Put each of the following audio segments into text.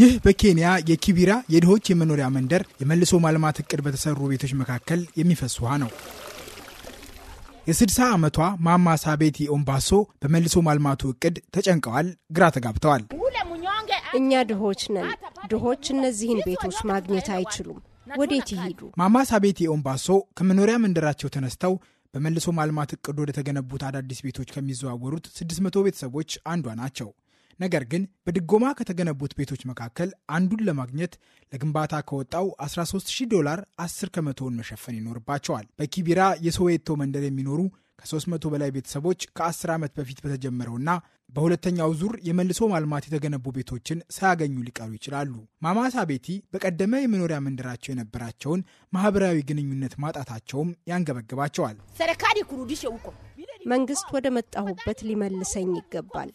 ይህ በኬንያ የኪቢራ የድሆች የመኖሪያ መንደር የመልሶ ማልማት እቅድ በተሰሩ ቤቶች መካከል የሚፈስ ውሃ ነው። የ60 ዓመቷ ማማሳ ቤት የኦምባሶ በመልሶ ማልማቱ እቅድ ተጨንቀዋል፣ ግራ ተጋብተዋል። እኛ ድሆች ነን። ድሆች እነዚህን ቤቶች ማግኘት አይችሉም። ወዴት ይሄዱ? ማማሳ ቤት የኦምባሶ ከመኖሪያ መንደራቸው ተነስተው በመልሶ ማልማት እቅድ ወደ ተገነቡት አዳዲስ ቤቶች ከሚዘዋወሩት 600 ቤተሰቦች አንዷ ናቸው። ነገር ግን በድጎማ ከተገነቡት ቤቶች መካከል አንዱን ለማግኘት ለግንባታ ከወጣው 130 ዶላር 10 ከመቶውን መሸፈን ይኖርባቸዋል። በኪቢራ የሶዌቶ መንደር የሚኖሩ ከ300 በላይ ቤተሰቦች ከ10 ዓመት በፊት በተጀመረውና በሁለተኛው ዙር የመልሶ ማልማት የተገነቡ ቤቶችን ሳያገኙ ሊቀሩ ይችላሉ። ማማሳ ቤቲ በቀደመ የመኖሪያ መንደራቸው የነበራቸውን ማህበራዊ ግንኙነት ማጣታቸውም ያንገበግባቸዋል። መንግስት ወደ መጣሁበት ሊመልሰኝ ይገባል።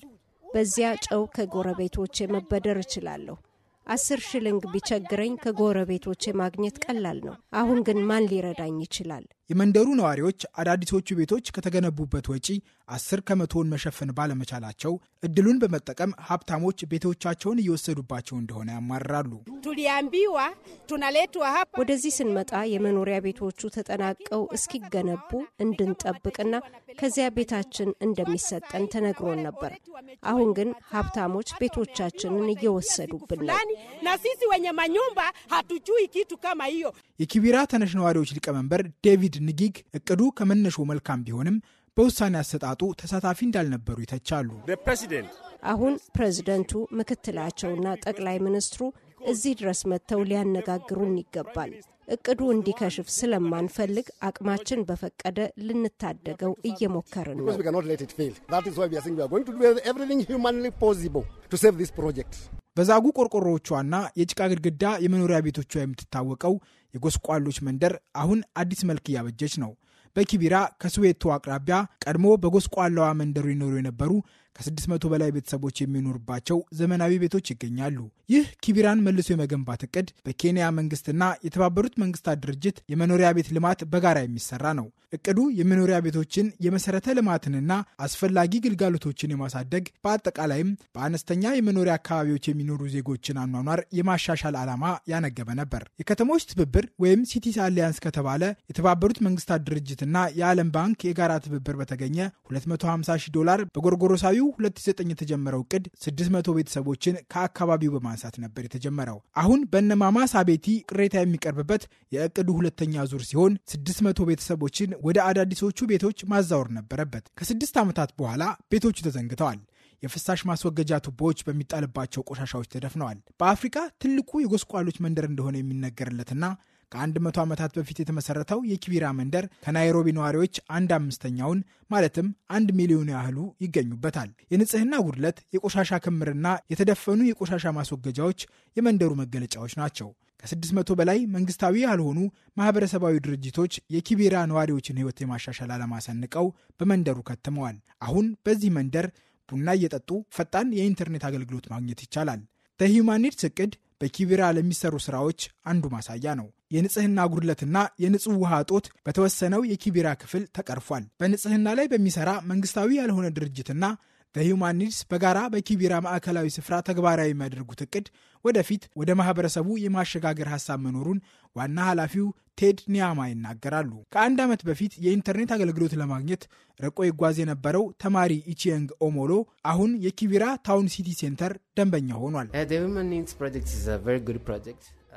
በዚያ ጨው ከጎረቤቶቼ መበደር እችላለሁ። አስር ሽልንግ ቢቸግረኝ ከጎረቤቶቼ ማግኘት ቀላል ነው። አሁን ግን ማን ሊረዳኝ ይችላል? የመንደሩ ነዋሪዎች አዳዲሶቹ ቤቶች ከተገነቡበት ወጪ አስር ከመቶውን መሸፈን ባለመቻላቸው እድሉን በመጠቀም ሀብታሞች ቤቶቻቸውን እየወሰዱባቸው እንደሆነ ያማርራሉ። ወደዚህ ስንመጣ የመኖሪያ ቤቶቹ ተጠናቀው እስኪገነቡ እንድንጠብቅና ከዚያ ቤታችን እንደሚሰጠን ተነግሮን ነበር። አሁን ግን ሀብታሞች ቤቶቻችንን እየወሰዱብን ነው። የኪቢራ ተነሽ ነዋሪዎች ሊቀመንበር ዴቪድ ንጊግ እቅዱ ከመነሾ መልካም ቢሆንም በውሳኔ አሰጣጡ ተሳታፊ እንዳልነበሩ ይተቻሉ። አሁን ፕሬዝደንቱ፣ ምክትላቸውና ጠቅላይ ሚኒስትሩ እዚህ ድረስ መጥተው ሊያነጋግሩን ይገባል። እቅዱ እንዲከሽፍ ስለማንፈልግ አቅማችን በፈቀደ ልንታደገው እየሞከርን ነው። በዛጉ ቆርቆሮዎቿና የጭቃ ግድግዳ የመኖሪያ ቤቶቿ የምትታወቀው የጎስቋሎች መንደር አሁን አዲስ መልክ እያበጀች ነው። በኪቢራ ከስዌቶ አቅራቢያ ቀድሞ በጎስቋላዋ መንደሩ ይኖሩ የነበሩ ከ600 በላይ ቤተሰቦች የሚኖሩባቸው ዘመናዊ ቤቶች ይገኛሉ። ይህ ኪቢራን መልሶ የመገንባት እቅድ በኬንያ መንግስትና የተባበሩት መንግስታት ድርጅት የመኖሪያ ቤት ልማት በጋራ የሚሰራ ነው። እቅዱ የመኖሪያ ቤቶችን የመሰረተ ልማትንና አስፈላጊ ግልጋሎቶችን የማሳደግ በአጠቃላይም በአነስተኛ የመኖሪያ አካባቢዎች የሚኖሩ ዜጎችን አኗኗር የማሻሻል ዓላማ ያነገበ ነበር። የከተሞች ትብብር ወይም ሲቲስ አሊያንስ ከተባለ የተባበሩት መንግስታት ድርጅትና የዓለም ባንክ የጋራ ትብብር በተገኘ 250 ዶላር በጎርጎሮሳዊ በመጪው 2009 የተጀመረው እቅድ 600 ቤተሰቦችን ከአካባቢው በማንሳት ነበር የተጀመረው። አሁን በነማማሳ ሳቤቲ ቅሬታ የሚቀርብበት የእቅዱ ሁለተኛ ዙር ሲሆን 600 ቤተሰቦችን ወደ አዳዲሶቹ ቤቶች ማዛወር ነበረበት። ከስድስት ዓመታት በኋላ ቤቶቹ ተዘንግተዋል። የፍሳሽ ማስወገጃ ቱቦዎች በሚጣልባቸው ቆሻሻዎች ተደፍነዋል። በአፍሪካ ትልቁ የጎስቋሎች መንደር እንደሆነ የሚነገርለትና ከ100 ዓመታት በፊት የተመሠረተው የኪቢራ መንደር ከናይሮቢ ነዋሪዎች አንድ አምስተኛውን ማለትም አንድ ሚሊዮን ያህሉ ይገኙበታል። የንጽህና ጉድለት፣ የቆሻሻ ክምርና የተደፈኑ የቆሻሻ ማስወገጃዎች የመንደሩ መገለጫዎች ናቸው። ከ600 በላይ መንግስታዊ ያልሆኑ ማህበረሰባዊ ድርጅቶች የኪቢራ ነዋሪዎችን ሕይወት የማሻሻል ዓላማ ሰንቀው በመንደሩ ከትመዋል። አሁን በዚህ መንደር ቡና እየጠጡ ፈጣን የኢንተርኔት አገልግሎት ማግኘት ይቻላል። ዘ እቅድ በኪቢራ ለሚሰሩ ስራዎች አንዱ ማሳያ ነው። የንጽህና ጉድለትና የንጹህ ውሃ እጦት በተወሰነው የኪቢራ ክፍል ተቀርፏል። በንጽህና ላይ በሚሰራ መንግስታዊ ያልሆነ ድርጅትና ዘሂውማን ኒድስ በጋራ በኪቢራ ማዕከላዊ ስፍራ ተግባራዊ የሚያደርጉት እቅድ ወደፊት ወደ ማህበረሰቡ የማሸጋገር ሀሳብ መኖሩን ዋና ኃላፊው ቴድ ኒያማ ይናገራሉ። ከአንድ ዓመት በፊት የኢንተርኔት አገልግሎት ለማግኘት ርቆ ይጓዝ የነበረው ተማሪ ኢቺየንግ ኦሞሎ አሁን የኪቢራ ታውን ሲቲ ሴንተር ደንበኛ ሆኗል። uh,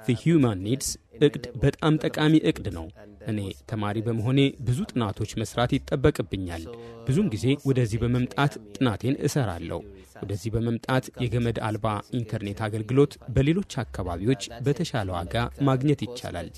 ዘ ሂውማን ኒድስ እቅድ በጣም ጠቃሚ እቅድ ነው። እኔ ተማሪ በመሆኔ ብዙ ጥናቶች መስራት ይጠበቅብኛል። ብዙም ጊዜ ወደዚህ በመምጣት ጥናቴን እሰራለሁ። ወደዚህ በመምጣት የገመድ አልባ ኢንተርኔት አገልግሎት በሌሎች አካባቢዎች በተሻለ ዋጋ ማግኘት ይቻላል።